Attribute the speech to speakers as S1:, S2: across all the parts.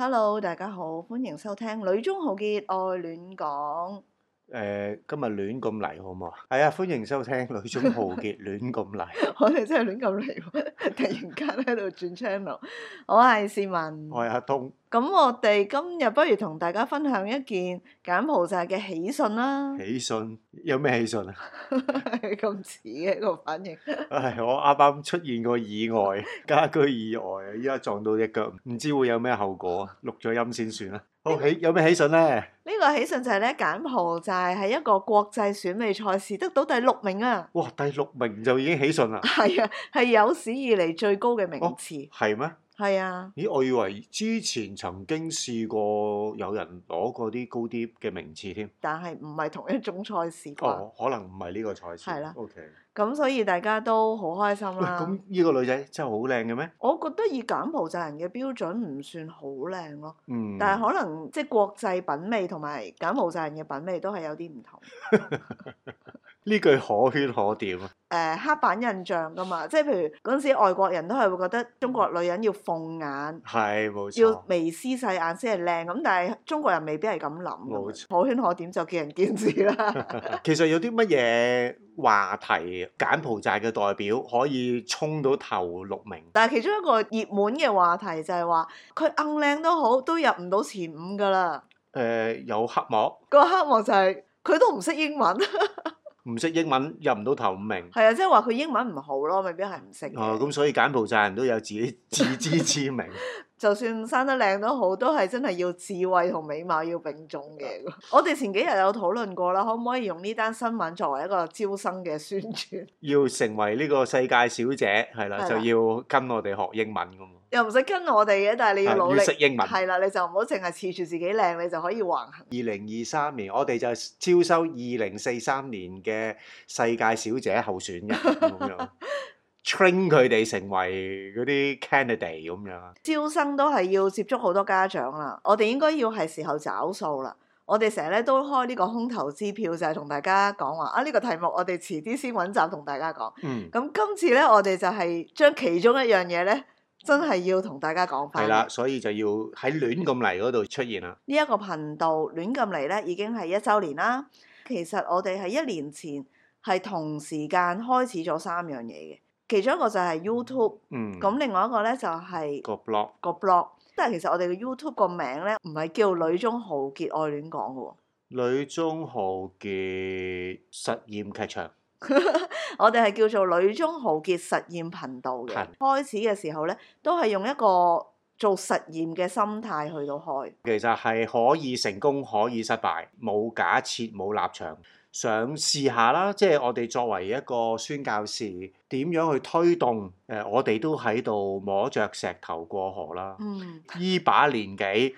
S1: Hello，大家好，歡迎收聽女中豪傑愛戀講。
S2: 誒，今日亂咁嚟好唔好啊？係啊，歡迎收聽《女中豪傑亂咁嚟》。
S1: 我哋真係亂咁嚟喎，突然間喺度轉 channel。我係思文，我係阿通。咁我哋今日不如同大家分享一件柬埔寨嘅喜訊啦。
S2: 喜訊，有咩喜訊啊？
S1: 咁似嘅個反應。
S2: 係我啱啱出現過意外，家居意外啊！依家撞到隻腳，唔知會有咩後果，錄咗音先算啦。好、okay, 起有咩喜訊咧？
S1: 呢個喜訊就係咧柬埔寨係一個國際選美賽事，得到第六名啊！
S2: 哇，第六名就已經喜訊啦！係啊，
S1: 係有史以嚟最高嘅名
S2: 次。哦，係咩？
S1: 係啊！咦，
S2: 我以為之前曾經試過有人攞過啲高啲嘅名次添，
S1: 但係唔係同一種賽事。哦，
S2: 可能唔係呢個賽事。係啦、啊。OK。
S1: 咁所以大家都好開心啦。咁
S2: 呢個女仔真係好靚嘅咩？
S1: 我覺得以柬埔寨人嘅標準唔算好靚咯。嗯。但係可能即係國際品味同埋柬埔寨人嘅品味都係有啲唔同。
S2: 呢句可圈可點啊！誒、
S1: 呃、黑板印象噶嘛，即係譬如嗰陣時，外國人都係會覺得中國女人要鳳眼，
S2: 係冇錯，錯要
S1: 眉絲細眼先係靚咁。但係中國人未必係咁諗，冇錯錯。可圈可點就見仁見智啦。
S2: 其實有啲乜嘢話題，柬埔寨嘅代表可以衝到頭六名，
S1: 但係其中一個熱門嘅話題就係話佢硬靚都好，都入唔到前五噶啦。
S2: 誒、呃、有黑幕，
S1: 個黑幕就係、是、佢都唔識英文。
S2: 唔識英文，入唔到頭五名，
S1: 係啊，即係話佢英文唔好咯，未必係唔識。
S2: 哦，咁所以柬埔寨人都有自己自知之明。
S1: 就算生得靚都好，都係真係要智慧同美貌要並重嘅。嗯、我哋前幾日有討論過啦，可唔可以用呢單新聞作為一個招生嘅宣傳？
S2: 要成為呢個世界小姐係啦，的就要跟我哋學英文咁喎。
S1: 又唔使跟我哋嘅，但係你要努力，要識英文係啦，你就唔好淨係恃住自己靚，你就可以橫
S2: 行。二零二三年，我哋就係招收二零四三年嘅世界小姐候選人咁 樣。train 佢哋成為嗰啲 candidate 咁樣，
S1: 招生都係要接觸好多家長啦。我哋應該要係時候找數啦。我哋成日咧都開呢個空頭支票，就係、是、同大家講話啊！呢、這個題目我哋遲啲先揾集同大家講。嗯、啊，咁今次咧，我哋就係將其中一樣嘢咧，真係要同大家講翻。係啦，
S2: 所以就要喺亂咁嚟嗰度出現啦。
S1: 呢一 個頻道亂咁嚟咧，已經係一週年啦。其實我哋係一年前係同時間開始咗三樣嘢嘅。其中一個就係 YouTube，咁另外一個咧就係個 blog，個 blog。但係其實我哋嘅 YouTube 個名咧，唔係叫《女中豪傑愛亂講》嘅喎，
S2: 《女中豪傑實驗劇場》。
S1: 我哋係叫做《女中豪傑實驗頻道》嘅。開始嘅時候咧，都係用一個做實驗嘅心態去到開。
S2: 其實係可以成功可以失敗，冇假設冇立場。想試下啦，即係我哋作為一個宣教士，點樣去推動？誒，我哋都喺度摸着石頭過河啦。嗯，呢把年紀。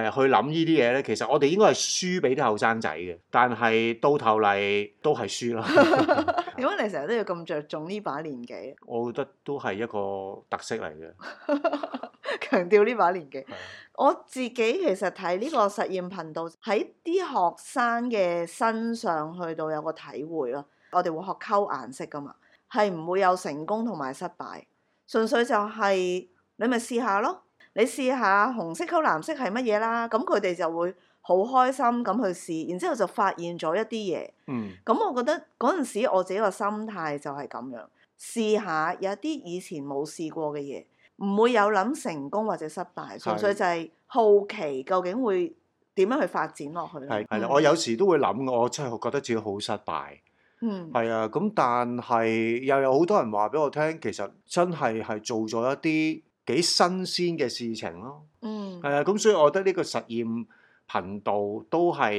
S2: 係去諗呢啲嘢咧，其實我哋應該係輸俾啲後生仔嘅，但係到頭嚟都係輸喇。
S1: 點 解 你成日都要咁着重呢把年紀？
S2: 我覺得都係一個特色嚟嘅，
S1: 強調呢把年紀。 我自己其實睇呢個實驗頻道，喺啲學生嘅身上去到有個體會咯。我哋會學溝顏色噶嘛，係唔會有成功同埋失敗，純粹就係、是、你咪試下咯。你試下紅色溝藍色係乜嘢啦？咁佢哋就會好開心咁去試，然之後就發現咗一啲嘢。嗯，咁我覺得嗰陣時我自己個心態就係咁樣，試下有一啲以前冇試過嘅嘢，唔會有諗成功或者失敗，純粹就係好奇究竟會點樣去發展落去。係係，嗯，我有
S2: 時都會諗，我真係覺得自己好失敗。
S1: 嗯，係
S2: 啊，咁但係又有好多人話俾我聽，其實真係係做咗一啲幾新鮮嘅事情咯，嗯，係啊，咁所以我覺得呢個實驗頻道都係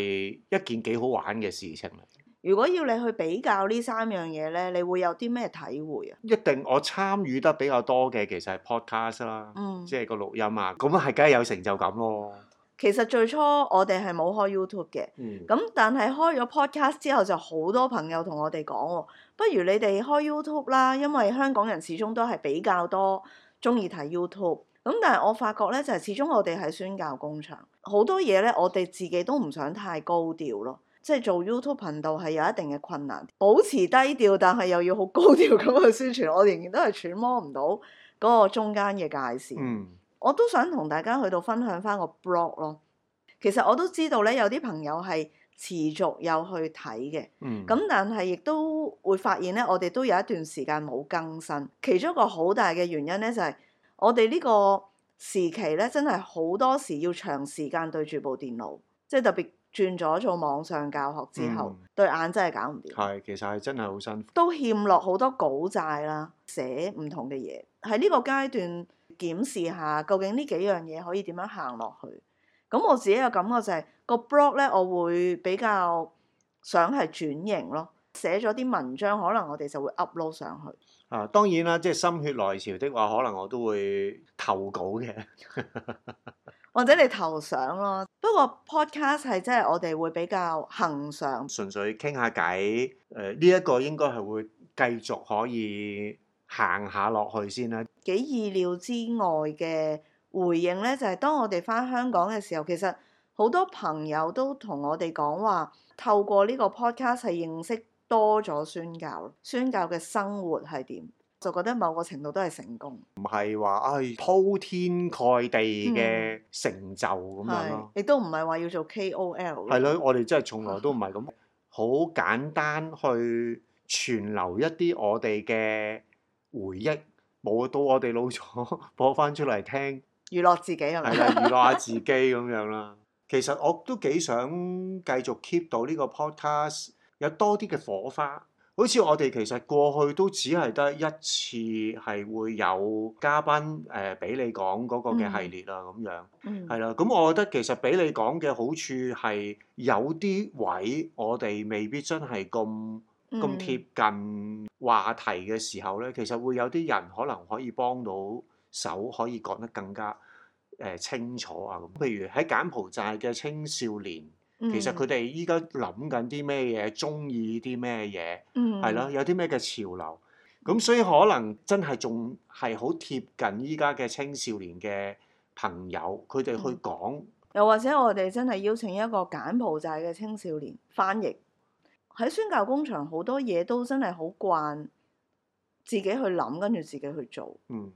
S2: 一件幾好玩嘅事情嚟。
S1: 如果要你去比較呢三樣嘢呢，你會有啲咩體會啊？一
S2: 定我參與得比較多嘅其實係 podcast 啦，嗯，即係個錄音啊，咁係梗係有成就感咯。
S1: 其實最初我哋係冇開 YouTube 嘅，嗯，咁但係開咗 podcast 之後就好多朋友同我哋講喎，不如你哋開 YouTube 啦，因為香港人始終都係比較多。中意睇 YouTube 咁，嗯，但係我發覺咧，就係、是、始終我哋係宣教工場，好多嘢咧，我哋自己都唔想太高調咯。即係做 YouTube 頻道係有一定嘅困難，保持低調，但係又要好高調咁去宣傳，我仍然都係揣摩唔到嗰個中間嘅界線。嗯、我都想同大家去到分享翻個 blog 咯。其實我都知道咧，有啲朋友係。持續有去睇嘅，咁、嗯、但係亦都會發現咧，我哋都有一段時間冇更新。其中一個好大嘅原因咧，就係、是、我哋呢個時期咧，真係好多時要長時間對住部電腦，即係特別轉咗做網上教學之後，嗯、對眼真係搞唔掂。
S2: 係，其實係真係好辛
S1: 苦。都欠落好多稿債啦，寫唔同嘅嘢。喺呢個階段檢視下，究竟呢幾樣嘢可以點樣行落去？咁我自己嘅感覺就係、是那個 blog 咧，我會比較想係轉型咯。寫咗啲文章，可能我哋就會 upload 上，上去。啊，
S2: 當然啦，即係心血來潮嘅話，可能我都會投稿嘅。
S1: 或者你投上咯。不過 podcast 係即係我哋會比較恆常，
S2: 純粹傾下偈。誒、呃，呢、這、一個應該係會繼續可以行下落去先啦。
S1: 幾意料之外嘅。回應咧就係、是、當我哋翻香港嘅時候，其實好多朋友都同我哋講話，透過呢個 Podcast 係認識多咗宣教，宣教嘅生活係點，就覺得某個程度都係成功，
S2: 唔係話唉鋪天蓋地嘅成就咁樣，
S1: 亦都唔係話要做 KOL。係咯，
S2: 我哋真係從來都唔係咁好簡單去存留一啲我哋嘅回憶，冇到我哋老咗播翻出嚟聽。
S1: 娛樂自己係咪？
S2: 係啦的， 娛樂下自己咁樣啦。 其實我都幾想繼續 keep 到呢個 podcast，有多啲嘅火花。好似我哋其實過去都只係得一次係會有嘉賓誒俾你講嗰個嘅系列啦咁樣。嗯、mm.，係啦。咁我覺得其實俾你講嘅好處係有啲位我哋未必真係咁咁貼近話題嘅時候咧，其實會有啲人可能可以幫到。手可以講得更加誒、呃、清楚啊。咁，譬如喺柬埔寨嘅青少年，嗯、其實佢哋依家諗緊啲咩嘢，中意啲咩嘢，係咯、嗯，有啲咩嘅潮流咁，所以可能真係仲係好貼近依家嘅青少年嘅朋友，佢哋去講、嗯、
S1: 又或者我哋真係邀請一個柬埔寨嘅青少年翻譯。喺宣教工場好多嘢都真係好慣自己去諗，跟住自己去做。嗯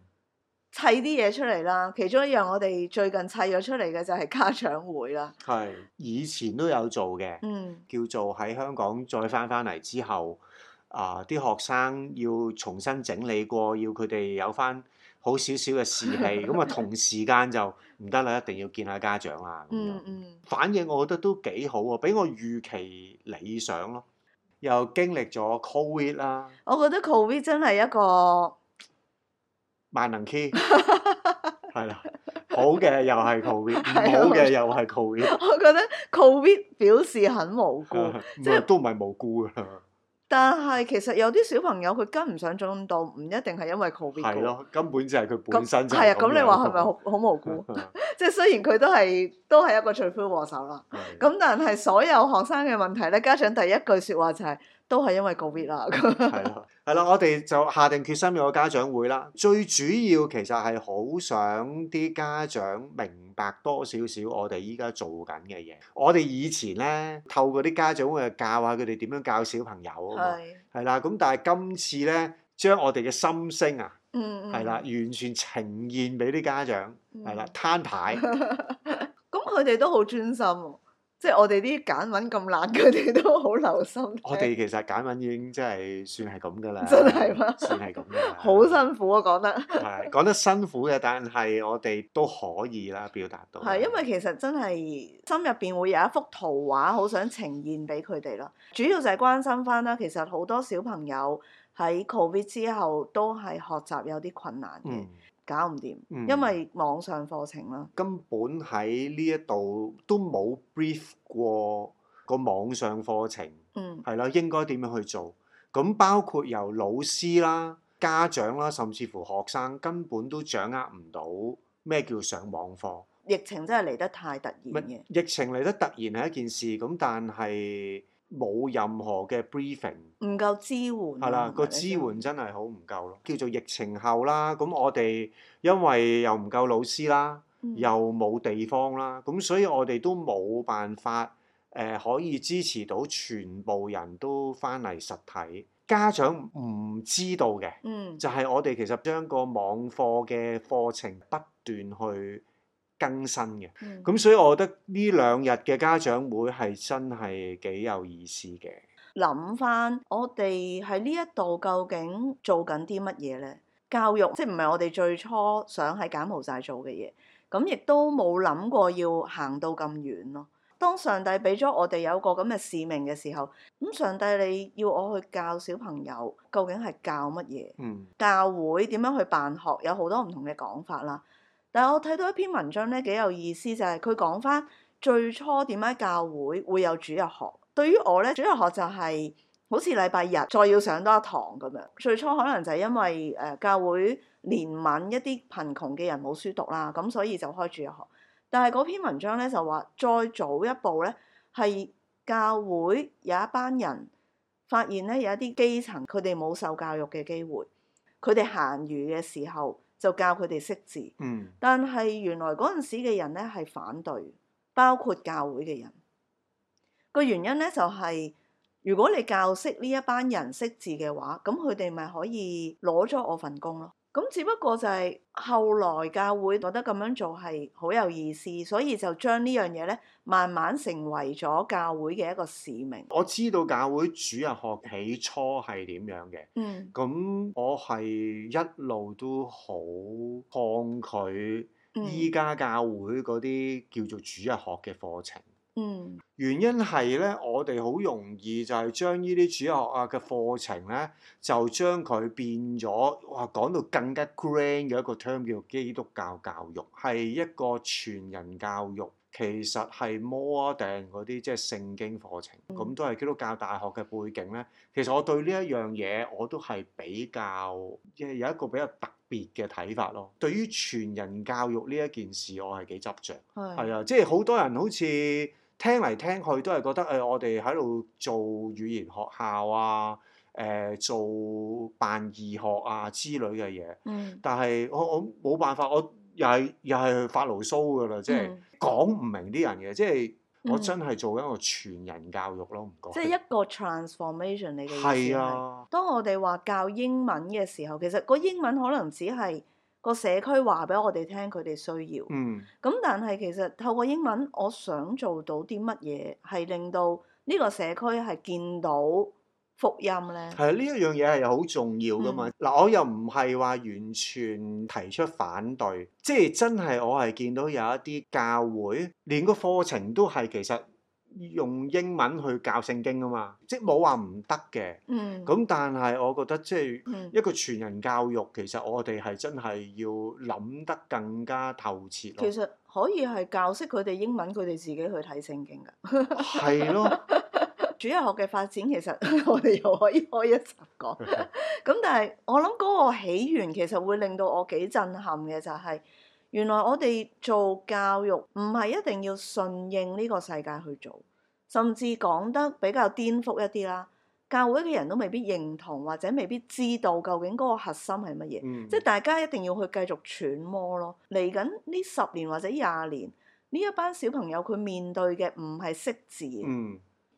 S1: 砌啲嘢出嚟啦，其中一樣我哋最近砌咗出嚟嘅就係家長會啦。
S2: 係，以前都有做嘅，嗯、叫做喺香港再翻翻嚟之後，啊、呃，啲學生要重新整理過，要佢哋有翻好少少嘅士氣。咁啊，同時間就唔得啦，一定要見下家長啦、嗯。嗯
S1: 嗯。
S2: 反應我覺得都幾好啊，比我預期理想咯、啊。又經歷咗 Covid 啦、
S1: 啊。我覺得 Covid 真係一個
S2: 萬能 key，係 啦，好嘅又係 COVID，唔好嘅又係 COVID
S1: 我覺得 COVID 表示很無辜，即係、 就是、都
S2: 唔係無辜噶。
S1: 但係其實有啲小朋友佢跟唔上咗咁度，唔一定係因為 COVID 係咯 ，
S2: 根本就係佢本身就。係 啊， 咁你話係咪好
S1: 好無辜？即係雖然佢都係都係一個罪魁禍首啦。咁 但係所有學生嘅問題咧，家長第一句説話就係、是。都係因為個 COVID 啦。係
S2: 咯，係咯，我哋就下定決心有個家長會啦。最主要其實係好想啲家長明白多少少我哋依家做緊嘅嘢。我哋以前咧，透過啲家長會教下佢哋點樣教小朋友。係係啦，咁但係今次咧，將我哋嘅心聲啊，係啦、嗯嗯，完全呈現俾啲家長。係啦、嗯，攤牌。
S1: 咁佢哋都好專心喎。即係我哋啲揀文咁難，佢哋都好留心。 我哋
S2: 其實揀文已經真係算係咁㗎啦。真係嗎？算係咁
S1: 啦。好 辛苦啊，講得。係
S2: 講得辛苦嘅、啊，但係我哋都可以啦，表達到。係
S1: 因為其實真係心入邊會有一幅圖畫，好想呈現俾佢哋咯。主要就係關心翻啦。其實好多小朋友喺 COVID 之後都係學習有啲困難嘅。嗯搞唔掂，嗯、因為網上課程啦，
S2: 根本喺呢一度都冇 brief 過個網上課程，係啦、嗯，應該點樣去做？咁包括由老師啦、家長啦，甚至乎學生，根本都掌握唔到咩叫上網課。
S1: 疫情真係嚟得太突然嘅。
S2: 疫情嚟得突然係一件事，咁但係。冇任何嘅 briefing，
S1: 唔夠支援、啊。係啦的，這個支
S2: 援真係好唔夠咯，叫做疫情後啦。咁我哋因為又唔夠老師啦，嗯、又冇地方啦，咁所以我哋都冇辦法誒、呃、可以支持到全部人都翻嚟實體。家長唔知道嘅，嗯、就係我哋其實將個網課嘅課程不斷去。更新嘅，咁、嗯、所以我覺得呢兩日嘅家長會係真係幾有意思嘅。
S1: 諗翻我哋喺呢一度究竟做緊啲乜嘢呢？教育即係唔係我哋最初想喺柬埔寨做嘅嘢，咁亦都冇諗過要行到咁遠咯。當上帝俾咗我哋有個咁嘅使命嘅時候，咁上帝你要我去教小朋友，究竟係教乜嘢？嗯，教會點樣去辦學，有好多唔同嘅講法啦。但係我睇到一篇文章咧，幾有意思，就係佢講翻最初點解教會會有主日學？對於我咧，主日學就係、是，好似禮拜日再要上多一堂咁樣。最初可能就係因為誒、呃、教會憐憫一啲貧窮嘅人冇書讀啦，咁所以就開主日學。但係嗰篇文章咧就話再早一步咧，係教會有一班人發現咧，有一啲基層佢哋冇受教育嘅機會，佢哋閒餘嘅時候。就教佢哋識字，嗯、但係原來嗰陣時嘅人咧係反對，包括教會嘅人。個原因咧就係、是，如果你教識呢一班人識字嘅話，咁佢哋咪可以攞咗我份工咯。咁只不過就係後來教會覺得咁樣做係好有意思，所以就將呢樣嘢咧慢慢成為咗教會嘅一個使命。我
S2: 知道教會主日學起初係點樣嘅，嗯，咁我係一路都好抗拒依家教會嗰啲叫做主日學嘅課程。嗯，原因係咧，我哋好容易就係將呢啲主學啊嘅課程咧，就將佢變咗，哇，講到更加 grand 嘅，e，一個 term 叫做基督教教育，係一個全人教育，其實係 more than 嗰啲即係聖經課程，咁，嗯，都係基督教大學嘅背景咧。其實我對呢一樣嘢我都係比較，即係有一個比較特別嘅睇法咯。對於全人教育呢一件事，我係幾執着，係啊的，即係好多人好似。聽嚟聽去都係覺得誒、呃，我哋喺度做語言學校啊，誒、呃、做辦義學啊之類嘅嘢。嗯。但係我我冇辦法，我又係又係發牢騷㗎啦，即係嗯、講唔明啲人嘅，即係我真係做緊一個全人教育咯，唔該。即係一
S1: 個 transformation，你嘅意思係？係啊。當我哋話教英文嘅時候，其實個英文可能只係。個社區話俾我哋聽，佢哋需要。嗯，咁但係其實透過英文，我想做到啲乜嘢係令到呢個社區係見到福音呢？係
S2: 啊，呢一樣嘢係好重要噶嘛。嗱、嗯，我又唔係話完全提出反對，即係真係我係見到有一啲教會連個課程都係其實。用英文去教聖經啊嘛，即冇話唔得嘅。嗯，咁但係我覺得即係一個全人教育，嗯、其實我哋係真係要諗得更加透徹。其實
S1: 可以係教識佢哋英文，佢哋自己去睇聖經㗎。係 咯的， 主要學主日學嘅發展，其實我哋又可以開一集講。咁 但係我諗嗰個起源其實會令到我幾震撼嘅就係、是。原來我哋做教育唔係一定要順應呢個世界去做，甚至講得比較顛覆一啲啦。教會嘅人都未必認同，或者未必知道究竟嗰個核心係乜嘢。嗯、即係大家一定要去繼續揣摩咯。嚟緊呢十年或者廿年，呢一班小朋友佢面對嘅唔係識字，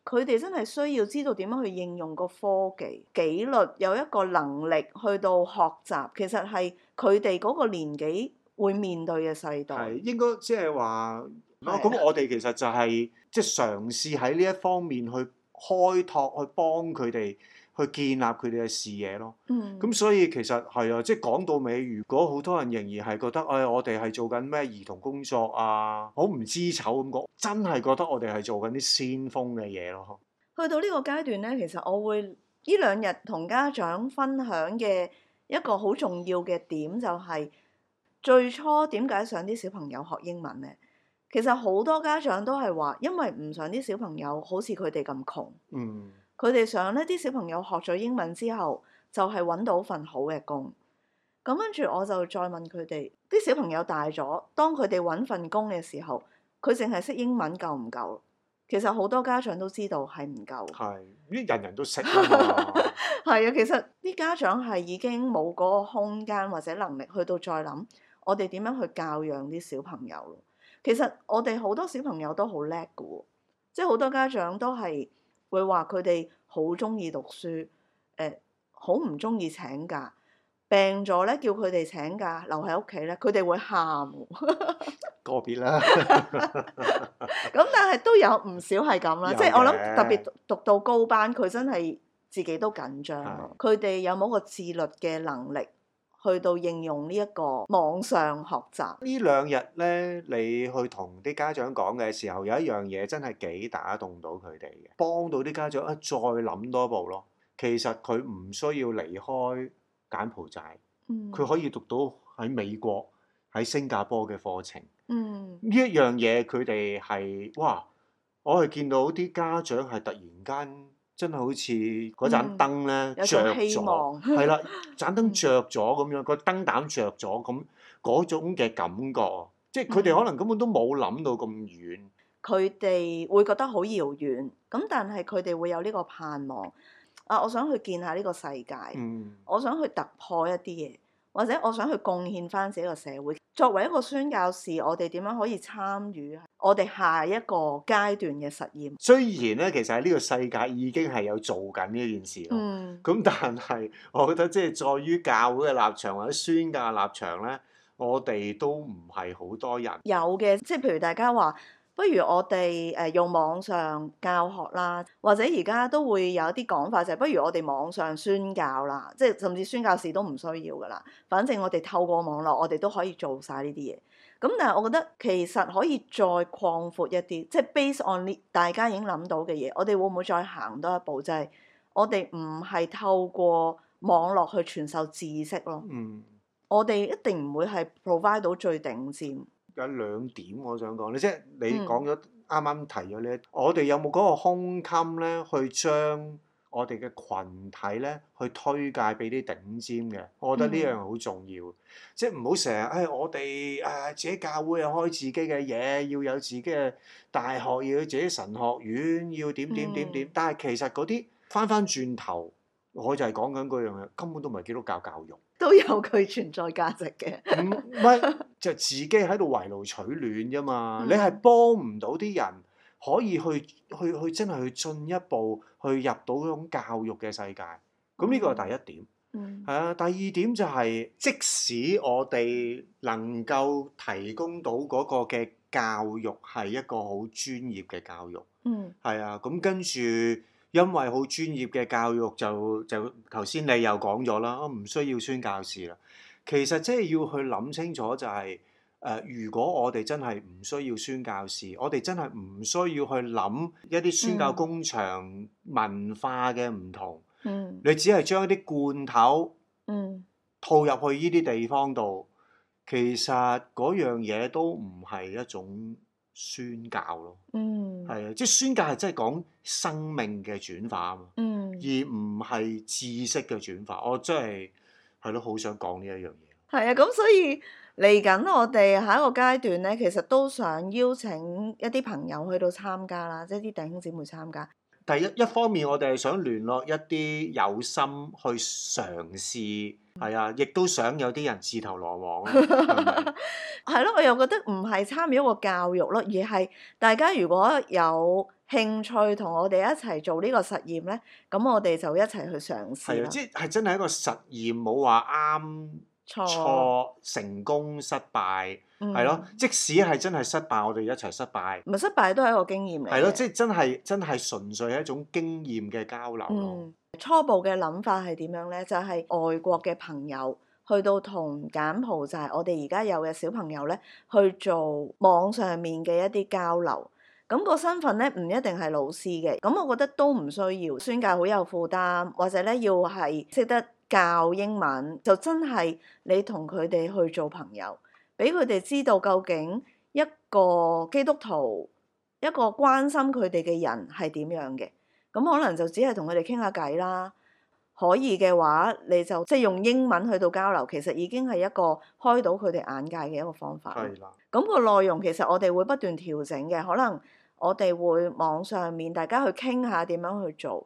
S1: 佢哋、嗯、真係需要知道點樣去應用個科技紀律，有一個能力去到學習。其實係佢哋嗰個年紀會面對嘅世代係應該
S2: 即係話，咁我哋其實就係即係嘗試喺呢一方面去開拓，去幫佢哋去建立佢哋嘅視野咯。嗯，咁所以其實係啊，即係講到尾，如果好多人仍然係覺得誒、哎，我哋係做緊咩兒童工作啊，好唔知醜咁講，真係覺得我哋係做緊啲先鋒嘅嘢咯。
S1: 去到呢個階段呢，其實我會呢兩日同家長分享嘅一個好重要嘅點就係、是。最初點解想啲小朋友學英文呢？其實好多家長都係話，因為唔想啲小朋友好似佢哋咁窮。嗯。佢哋想呢啲小朋友學咗英文之後，就係、是、揾到份好嘅工。咁跟住我就再問佢哋：啲小朋友大咗，當佢哋揾份工嘅時候，佢淨係識英文夠唔夠？其實好多家長都知道係唔夠。係，
S2: 啲人人都識、
S1: 啊。係啊， 其實啲家長係已經冇嗰個空間或者能力去到再諗。我哋點樣去教養啲小朋友？其實我哋好多小朋友都好叻㗎喎，即係好多家長都係會話佢哋好中意讀書，誒好唔中意請假，病咗咧叫佢哋請假留喺屋企咧，佢哋會喊個 別啦。咁 但係都有唔少係咁啦，的即係我諗特別讀到高班，佢真係自己都緊張，佢哋的有冇個自律嘅能力？去到應用呢一個網上學習，
S2: 呢兩日呢，你去同啲家長講嘅時候，有一樣嘢真係幾打動到佢哋嘅，幫到啲家長一再諗多一步咯。其實佢唔需要離開柬埔寨，佢可以讀到喺美國、喺新加坡嘅課程。嗯、呢一樣嘢佢哋係哇，我係見到啲家長係突然間。真係好似嗰盞燈咧，著咗係啦，盞燈着咗咁樣，個燈膽着咗咁嗰種嘅感覺，即係佢哋可能根本都冇諗到咁遠。
S1: 佢哋、嗯、會覺得好遙遠，咁但係佢哋會有呢個盼望啊！我想去見下呢個世界，嗯、我想去突破一啲嘢，或者我想去貢獻返自己個社會。作為一個宣教士，我哋點樣可以參與我哋下一個階段嘅實驗？
S2: 雖然咧，其實喺呢個世界已經係有做緊呢件事咯。咁、嗯、但係，我覺得即係在於教會嘅立場或者宣教嘅立場咧，我哋都唔係好多人
S1: 有嘅。即係譬如大家話。不如我哋誒、呃、用網上教學啦，或者而家都會有一啲講法，就係、是、不如我哋網上宣教啦，即係甚至宣教士都唔需要噶啦。反正我哋透過網絡，我哋都可以做晒呢啲嘢。咁、嗯、但係我覺得其實可以再擴闊一啲，即、就、係、是、base on 呢大家已經諗到嘅嘢，我哋會唔會再行多一步？就係、是、我哋唔係透過網絡去傳授知識咯。嗯，我哋一定唔會係 provide 到最頂尖。
S2: 有兩點我想講，你即係你講咗啱啱提咗呢，我哋有冇嗰個胸襟咧，去將我哋嘅群體咧，去推介俾啲頂尖嘅，我覺得呢樣好重要。嗯、即係唔好成日，唉、哎，我哋誒、啊、自己教會又開自己嘅嘢，要有自己嘅大學，要有自己神學院，要點點點點。嗯、但係其實嗰啲返返轉頭。我就係講緊嗰樣嘢，根本都唔係基督教教育，
S1: 都有佢存在價值嘅。唔 咪、
S2: 嗯、就係、自己喺度圍爐取暖啫嘛，嗯、你係幫唔到啲人可以去去去真係去進一步去入到嗰種教育嘅世界。咁呢個係第一點。嗯，係啊。第二點就係、係、即使我哋能夠提供到嗰個嘅教育係一個好專業嘅教育。嗯，係啊。咁跟住。嗯因為好專業嘅教育，就就頭先你又講咗啦，唔需要宣教士啦。其實即係要去諗清楚就係、是、誒、呃，如果我哋真係唔需要宣教士，我哋真係唔需要去諗一啲宣教工場文化嘅唔同。嗯，你只係將一啲罐頭嗯套入去呢啲地方度，其實嗰樣嘢都唔係一種。宣教咯，嗯，係啊，即係宣教係真係講生命嘅轉化啊嘛，嗯，而唔係知識嘅轉化，我真係係咯，好想講呢一樣嘢。
S1: 係啊，咁所以嚟緊我哋下一個階段咧，其實都想邀請一啲朋友去到參加啦，即係啲弟兄姊妹參加。
S2: 第一一方面，我哋係想聯絡一啲有心去嘗試，係、嗯、啊，亦都想有啲人自投羅網。
S1: 係咯、 啊，我又覺得唔係參與一個教育咯，而係大家如果有興趣同我哋一齊做呢個實驗咧，咁我哋就一齊去嘗試。係、啊，即
S2: 係真係一個實驗，冇話啱錯錯成功失敗，係咯、嗯，即使係真係失敗，我哋一齊失敗。唔
S1: 係，失敗都係一個經驗嚟嘅。係咯，即係
S2: 真係真係純粹係一種經驗嘅交流
S1: 咯、嗯。初步嘅諗法係點樣咧？就係、是、外國嘅朋友去到同柬埔寨，我哋而家有嘅小朋友咧，去做網上面嘅一啲交流。咁、那個身份咧，唔一定係老師嘅。咁我覺得都唔需要宣教好有負擔，或者咧要係識得。教英文就真係你同佢哋去做朋友，俾佢哋知道究竟一個基督徒一個關心佢哋嘅人係點樣嘅。咁可能就只係同佢哋傾下偈啦。可以嘅話，你就即係用英文去到交流，其實已經係一個開到佢哋眼界嘅一個方法。係啦。咁個內容其實我哋會不斷調整嘅，可能我哋會網上面大家去傾下點樣去做。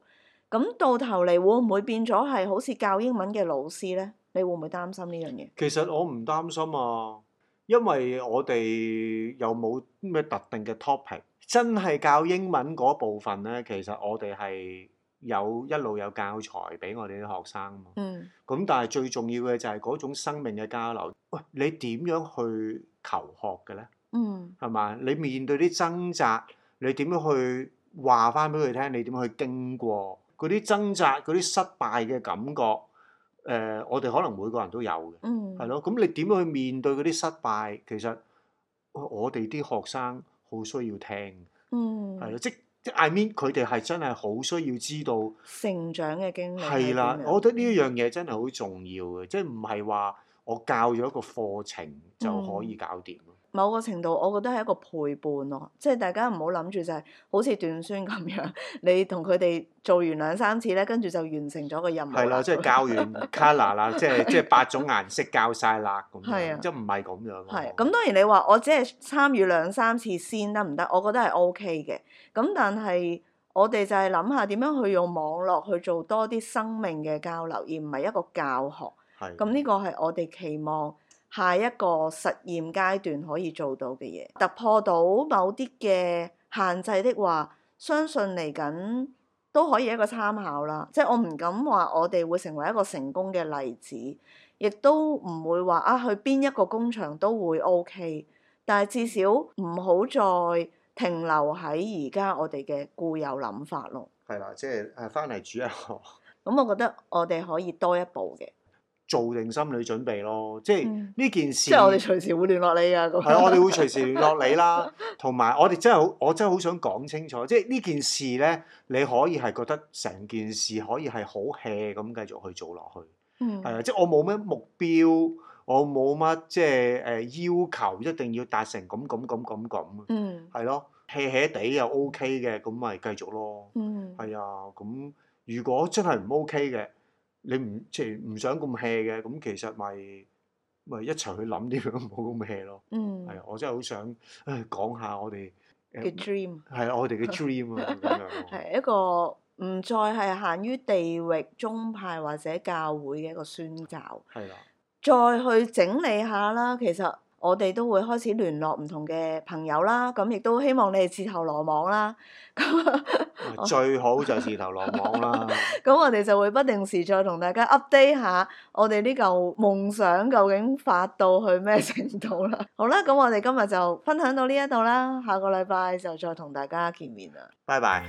S1: 咁到頭嚟會唔會變咗係好似教英文嘅老師咧？你會唔會擔心呢樣嘢？
S2: 其實我唔擔心啊，因為我哋又冇咩特定嘅 topic，真係教英文嗰部分咧。其實我哋係有一路有教材俾我哋啲學生嘛。嗯。咁但係最重要嘅就係嗰種生命嘅交流。喂，你點樣去求學嘅咧？嗯。係嘛？你面對啲掙扎，你點樣去話翻俾佢聽？你點樣去經過？嗰啲掙扎、嗰啲失敗嘅感覺，誒、呃，我哋可能每個人都有嘅，係咯、嗯。咁你點樣去面對嗰啲失敗？其實我哋啲學生好需要聽，係咯、嗯，即即 I mean 佢哋係真係好需要知道
S1: 成長嘅經歷。係啦，我覺得呢
S2: 一樣嘢真係好重要嘅，嗯、即係唔係話我教咗一個課程就可以搞掂。嗯。
S1: 某個程度，我覺得係一個陪伴咯，即係大家唔好諗住就係好似段酸咁樣，你同佢哋做完兩三次咧，跟住就完成咗個任務。係啦，即係教完 c o l o r 啦， 即係即係
S2: 八種顏色教晒啦咁。係啊，即唔係咁樣。
S1: 係咁的，當然你話我只係參與兩三次先得唔得？我覺得係 OK 嘅。咁但係我哋就係諗下點樣去用網絡去做多啲生命嘅交流，而唔係一個教學。係的。咁呢個係我哋期望。下一個實驗階段可以做到嘅嘢，突破到某啲嘅限制的話，相信嚟緊都可以一個參考啦。即係我唔敢話我哋會成為一個成功嘅例子，亦都唔會話啊去邊一個工場都會 OK。但係至少唔好再停留喺而家我哋嘅固有諗法咯。係啦，即係誒翻嚟煮一個。咁、啊 嗯、我覺得我哋可以多一步嘅。做定
S2: 心理準備咯，即係呢件事。即係我哋隨時
S1: 會聯絡你啊。係，我哋會隨時聯絡你啦。
S2: 同埋我哋真係好，我真係好想講清楚，即係呢件事咧，你可以係覺得成件事可以係好 hea 咁繼續去做落去。嗯。係啊，即係我冇咩目標，我冇乜即係誒要求，一定要達成咁咁咁咁咁。嗯。係咯，heahea 地又 OK 嘅，咁咪繼續咯。嗯。係啊，咁如果真係唔 OK 嘅。你唔即係唔想咁 hea 嘅，咁其實咪咪一齊去諗啲樣冇咁 hea 咯。嗯，係我真係好想講下我哋嘅 Good dream，係我哋嘅 dream 啊咁樣。
S1: 係一個唔再係限於地域、宗派或者教會嘅一個宣教，係啦的，再去整理下啦。其實。我哋都會開始聯絡唔同嘅朋友啦，咁亦都希望你哋自投羅網啦。咁
S2: 最好就自投羅網啦。
S1: 咁 我哋就會不定時再同大家 update 下我哋呢嚿夢想究竟發到去咩程度啦。好啦，咁我哋今日就分享到呢一度啦，下個禮拜就再同大家見面啦。
S2: 拜拜。